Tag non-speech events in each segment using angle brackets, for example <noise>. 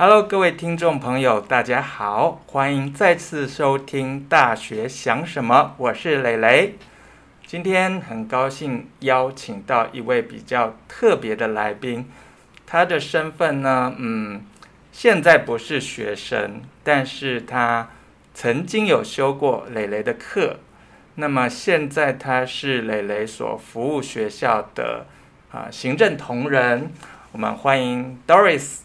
Hello，各位聽眾朋友，大家好，歡迎再次收聽《大學想什麼》，我是雷雷。今天很高興邀請到一位比較特別的來賓，他的身份呢，嗯，現在不是學生，但是他曾經有修過雷雷的課，那麼現在他是雷雷所服務學校的啊、呃、行政同仁。我們歡迎 Doris。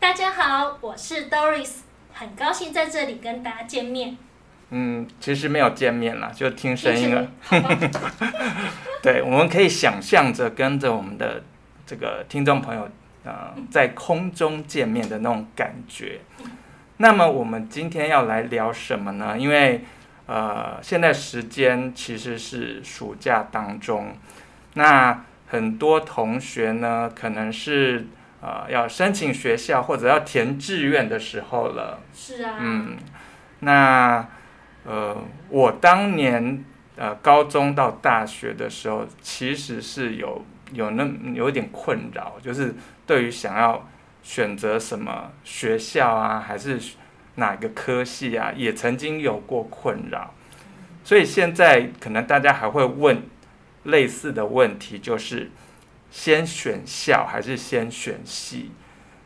大家好，我是 Doris，很高興在這裡跟大家見面。嗯，其實沒有見面啦，就聽聲音了。 <laughs> 對，我們可以想象着跟着我們的這個聽眾朋友，呃，在空中見面的那種感覺。嗯。那麼我們今天要來聊什麼呢？因為呃，現在時間其實是暑假當中，那很多同學呢，可能是。啊、呃，要申請學校或者要填志願的時候了。是啊。嗯，那呃，我當年呃，高中到大學的時候，其實是有有那有一點困擾，就是對於想要選擇什麼學校啊，還是哪個科系啊，也曾經有過困擾。所以現在可能大家還會問類似的問題，就是。先選校還是先選系？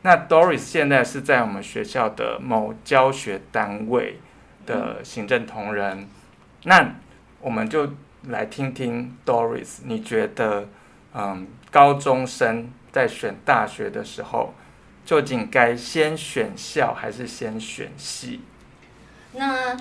那 Doris 現在是在我們學校的某教學單位的行政同仁。那我們就來聽聽 Doris，你覺得，嗯，高中生在選大學的時候，究竟該先選校還是先選系？那。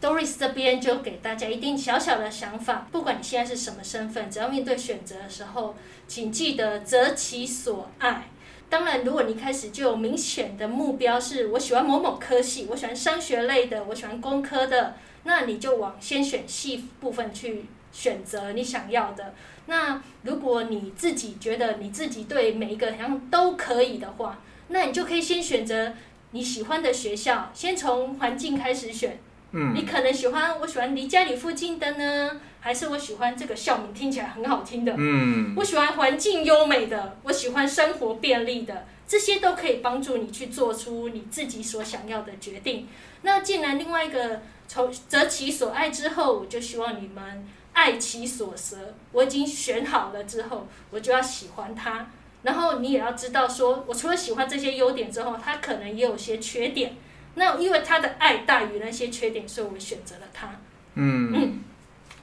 Doris 這邊就給大家一點小小的想法，不管你現在是什麼身份，只要面對選擇的時候，請記得擇其所愛。當然，如果你一開始就有明顯的目標，是我喜歡某某科系，我喜歡商學類的，我喜歡工科的，那你就往先選系部分去選擇你想要的。那如果你自己覺得你自己對每一個好像都可以的話，那你就可以先選擇你喜歡的學校，先從環境開始選。嗯、你可能喜歡，我喜歡離家裡附近的呢，還是我喜歡這個校名聽起來很好聽的？嗯、我喜歡環境優美的，我喜歡生活便利的，這些都可以幫助你去做出你自己所想要的決定。那既然另外一個從擇其所愛之後，我就希望你們愛其所舍。我已經選好了之後，我就要喜歡它。然後你也要知道說，說我除了喜歡這些優點之後，它可能也有些缺點。那因為他的愛大於那些缺點，所以我選擇了他。嗯，嗯，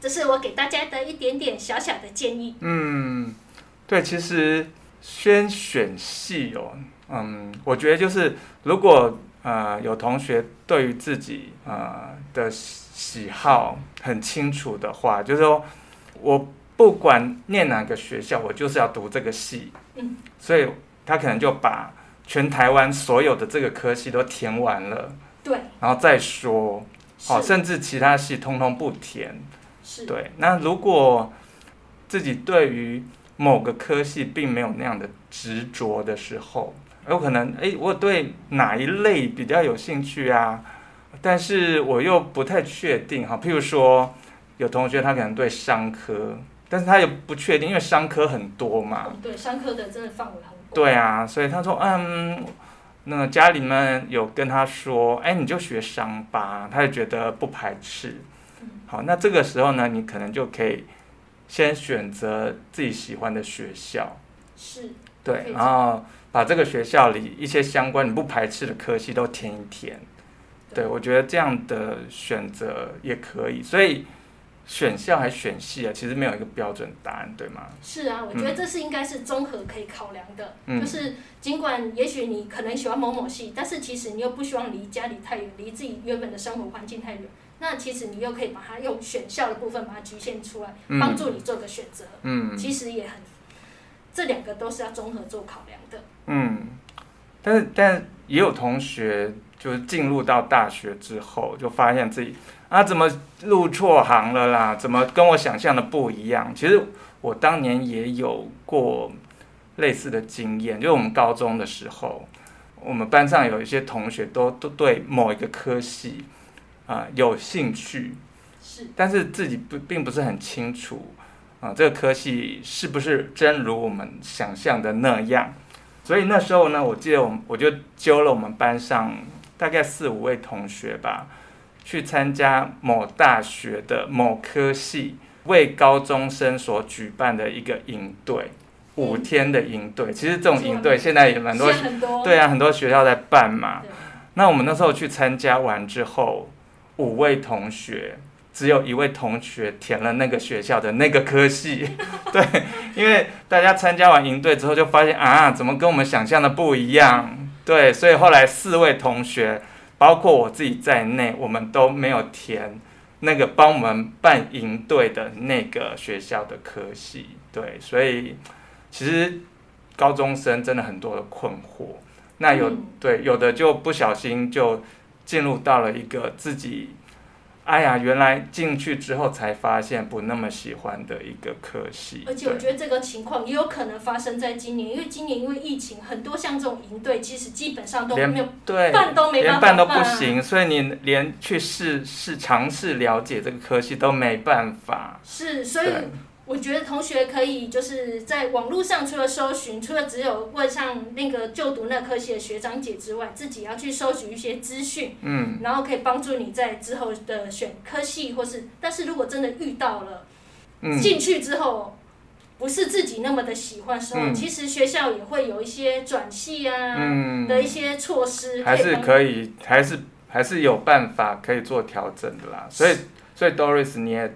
這是我給大家的一點點小小的建議。嗯，對，其實先選系哦，嗯，我覺得就是如果呃有同學對於自己呃的喜好很清楚的話，就是說我不管念哪個學校，我就是要讀這個系。嗯，所以他可能就把。全台灣所有的這個科系都填完了，對，然後再說，好是、哦，甚至其他系通通不填，是對。那如果自己對於某個科系並沒有那樣的執着的時候，有可能，哎，我對哪一類比較有興趣啊？但是我又不太確定哈。譬如說，有同學他可能對商科，但是他又不確定，因為商科很多嘛。對，商科的真的範圍很對啊，所以他說，嗯，那個、家裡面有跟他說，哎，你就學商吧，他也覺得不排斥。好，那這個時候呢，你可能就可以先選擇自己喜歡的學校。是。對，然後把這個學校裡一些相關你不排斥的科系都填一填。對，對，我覺得這樣的選擇也可以，所以。選校還選系啊，其實沒有一個標準答案，對嗎？是啊，我覺得這是應該是綜合可以考量的，嗯、就是儘管也許你可能喜歡某某系，但是其實你又不希望離家裡太遠，離自己原本的生活環境太遠，那其實你又可以把它用選校的部分把它局限出來，嗯、幫助你做個選擇。嗯，其實也很，這兩個都是要綜合做考量的。嗯，但是但也有同學就是進入到大學之後，就發現自己。啊，怎麼入錯行了啦？怎麼跟我想象的不一樣？其實我當年也有過類似的經驗，就是我們高中的時候，我們班上有一些同學都都對某一個科系啊、呃、有興趣，是，但是自己不並不是很清楚啊、呃，這個科系是不是真如我們想象的那樣？所以那時候呢，我記得我我就揪了我們班上大概四五位同學吧。去參加某大學的某科系為高中生所舉辦的一個營隊，嗯、五天的營隊。其實這種營隊現在也蠻多，多對啊，很多學校在辦嘛。對那我們那時候去參加完之後，五位同學只有一位同學填了那個學校的那個科系， <laughs> 對，因為大家參加完營隊之後就發現啊，怎麼跟我們想象的不一樣？對，所以後來四位同學。包括我自己在內，我們都沒有填那個幫我們辦營隊的那個學校的科系，對，所以其實高中生真的很多的困惑。那有對，有的就不小心就進入到了一個自己。哎呀，原來進去之後才發現不那麼喜歡的一個科系。而且我覺得這個情況也有可能發生在今年，因為今年因為疫情，很多像這種營隊其實基本上都沒有辦，都沒辦法辦。連辦都不行，所以你連去試試，試嘗試了解這個科系都沒辦法。嗯、是，所以。我覺得同學可以就是在網絡上除了搜尋，除了只有問上那個就讀那科系的學長姐之外，自己要去搜尋一些資訊，嗯，然後可以幫助你在之後的選科系或是，但是如果真的遇到了，嗯，進去之後不是自己那麼的喜歡的時候、嗯、其實學校也會有一些轉系啊的一些措施，嗯、還是可以，可以還是還是有辦法可以做調整的啦。是所以所以 Doris 你也。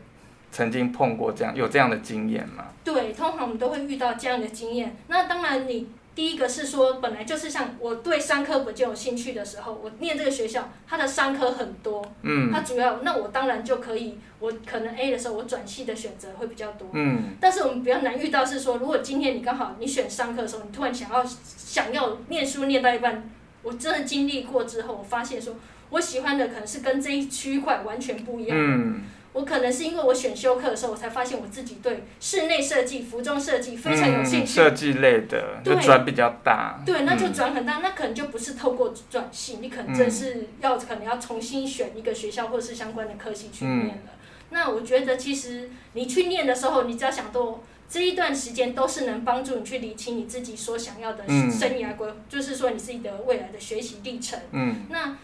曾經碰過這樣有這樣的經驗嗎？對，通常我們都會遇到這樣的經驗。那當然你，你第一個是說，本來就是像我對商科不就有興趣的時候，我念這個學校，它的商科很多，嗯，它主要，那我當然就可以，我可能 A 的時候，我轉系的選擇會比較多，嗯。但是我們比較難遇到是說，如果今天你剛好你選商科的時候，你突然想要想要念書念到一半，我真的經歷過之後，我發現說我喜歡的可能是跟這一區塊完全不一樣，嗯。我可能是因為我選修課的時候，我才發現我自己對室內設計、服裝設計非常有興趣。嗯、設計類的對就轉比較大。對，嗯、那就轉很大，那可能就不是透過轉系，你可能真是要、嗯、可能要重新選一個學校或是相關的科系去念了。嗯、那我覺得其實你去念的時候，你只要想多這一段時間都是能幫助你去理清你自己所想要的生涯規，嗯、就是說你自己的未來的學習歷程。嗯，那。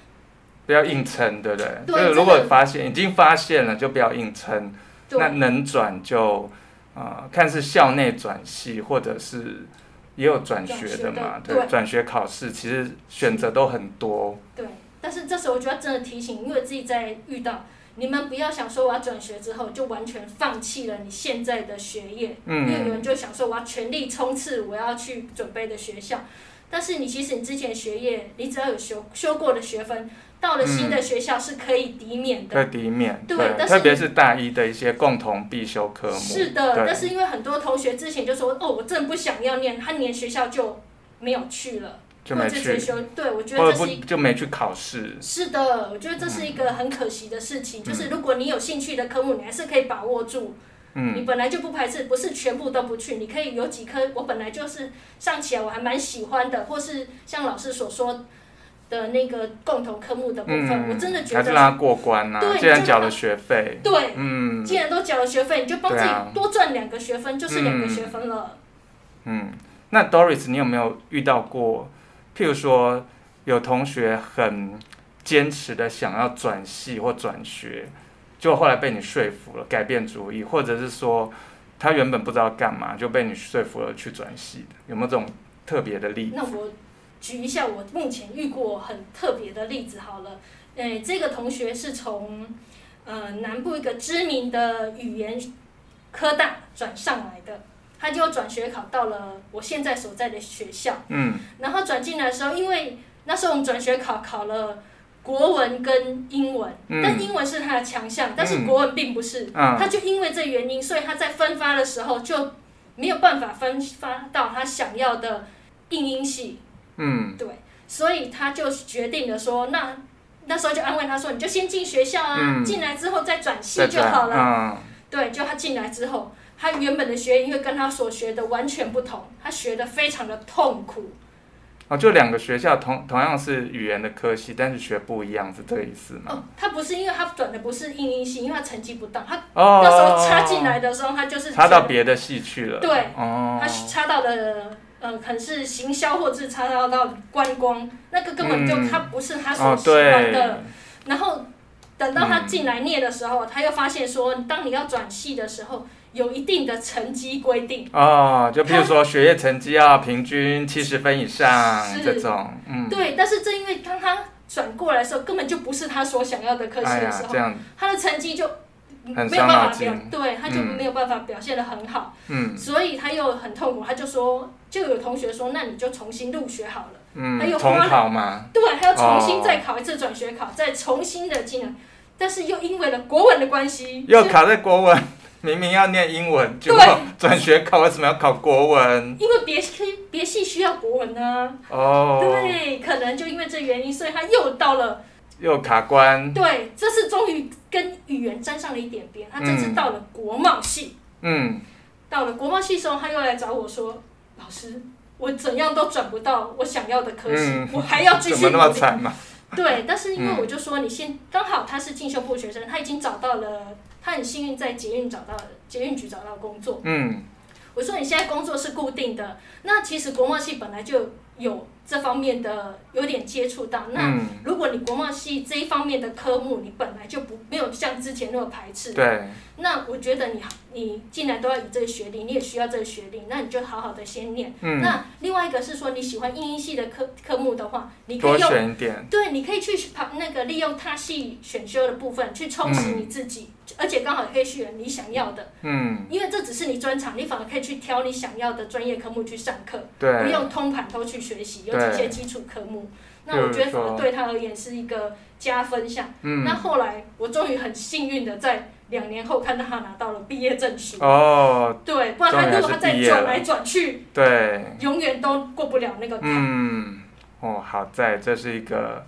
不要硬撐，對不對？對，就是如果你發現對已經發現了，就不要硬撐。對那能轉就啊、呃，看是校內轉系，或者是也有轉學的嘛？的對，對對轉學考試其實選擇都很多。對，但是這時候我覺得真的提醒，因為自己在遇到，你們不要想說我要轉學之後就完全放棄了你現在的學業，嗯、因為有人就想說我要全力衝刺，我要去準備的學校。但是你其實你之前學業，你只要有修修過的學分，到了新的學校是可以抵免的。對、嗯，抵免。對，但是特別是大一的一些共同必修科目。是的，對但是因為很多同學之前就說：“哦，我真的不想要念”，他連學校就沒有去了，就沒去修。對，我覺得這是一個就沒去考試。是的，我覺得這是一個很可惜的事情。嗯、就是如果你有興趣的科目，你還是可以把握住。嗯、你本來就不排斥，不是全部都不去，你可以有幾科。我本來就是上起來我還蠻喜歡的，或是像老師所說的那個共同科目的部分，嗯、我真的覺得。還是讓他過關、啊、對，既然繳了學費。對。嗯。既然都繳了學費，你就幫自己多賺兩個學分，嗯、就是兩個學分了。嗯，那 Doris，你有沒有遇到過？譬如說，有同學很堅持的想要轉系或轉學。就後來被你說服了，改變主意，或者是說，他原本不知道幹嘛，就被你說服了去轉系的，有沒有這種特別的例子？那我舉一下我目前遇過很特別的例子好了。欸，這個同學是從呃南部一個知名的語言科大轉上來的，他就轉學考到了我現在所在的學校。嗯，然後轉進來的時候，因為那時候我們轉學考考了國文跟英文，嗯、但英文是他的強項，嗯、但是國文並不是，啊、他就因為這原因，所以他在分發的時候就沒有辦法分發到他想要的應音系。嗯，對，所以他就決定了說，那那時候就安慰他說，你就先進學校啊，進、嗯、來之後再轉系就好了。嗯對，啊、對，就他進來之後，他原本的學音樂跟他所學的完全不同，他學的非常的痛苦。啊、哦，就兩個學校同同樣是語言的科系，但是學不一樣是這個意思嗎？哦、他不是因為他轉的不是英音，音系，因為他成績不到，他到時候插進來的時候，他就是插到別的系去了。對。哦、他插到的呃，可能是行銷或者是插到到觀光，哦、那個根本就他不是他所喜歡的。哦、然後等到他進來念的時候，嗯、他又發現說，當你要轉系的時候。有一定的成績規定哦，就譬如說學業成績要平均七十分以上這種，嗯，對。但是正因為當他轉過來的時候，根本就不是他所想要的科系的時候，他的成績就沒有辦法表，對，他就沒有辦法表現得很好，嗯，所以他又很痛苦，他就說，就有同學說，那你就重新入學好了，嗯，還考嗎？對，他要重新再考一次轉學考，再重新的進來，但是又因為了國文的關係，又卡在國文。明明要念英文，就轉學考為什麼要考國文？因為別系別系需要國文呢、啊。哦，oh, 對，可能就因為這原因，所以他又到了，又卡關。對，這次終於跟語言沾上了一點邊。他這次到了國貿系，嗯，到了國貿系時候，他又來找我說：“嗯、老師，我怎樣都轉不到我想要的科系，嗯、我還要繼續。怎麼那麼慘？對，但是因為我就說，你先剛好他是進修部學生，他已經找到了。他很幸運在捷運找到捷運局找到工作。嗯，我說你現在工作是固定的，那其實國貿系本來就有這方面的有點接觸到。嗯、那如果你國貿系這一方面的科目，你本來就不沒有像之前那麼排斥。對，那我覺得你你既然都要以這個學歷，你也需要這個學歷，那你就好好的先念。嗯。那另外一個是說你喜歡英語系的科科目的話，你可以用，多選一點。對，你可以去跑那個利用他系選修的部分去充實你自己。嗯而且剛好也可以選你想要的，嗯，因為這只是你專長，你反而可以去挑你想要的專業科目去上課，不對用通盤都去學習，有幾些基礎科目。對那我覺得，對他而言是一個加分項。嗯、那後來，我終於很幸運的在兩年後看到他拿到了畢業證書。哦，對，不然他如果他再轉來轉去，對，永遠都過不了那個坎。嗯，哦，好在這是一個，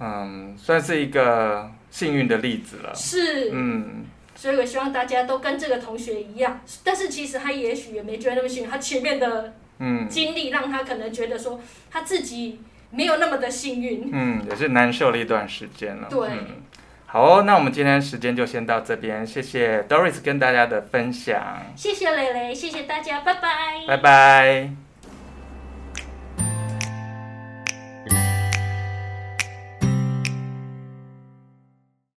嗯，算是一個。幸運的例子了，是，嗯，所以我希望大家都跟這個同學一樣，但是其實他也許也沒覺得那麼幸運，他前面的嗯經歷讓他可能覺得說他自己沒有那麼的幸運，嗯，也是難受了一段時間了，對，嗯，好哦，那我們今天時間就先到這邊，謝謝 Doris 跟大家的分享，謝謝雷雷，謝謝大家，拜拜，拜拜。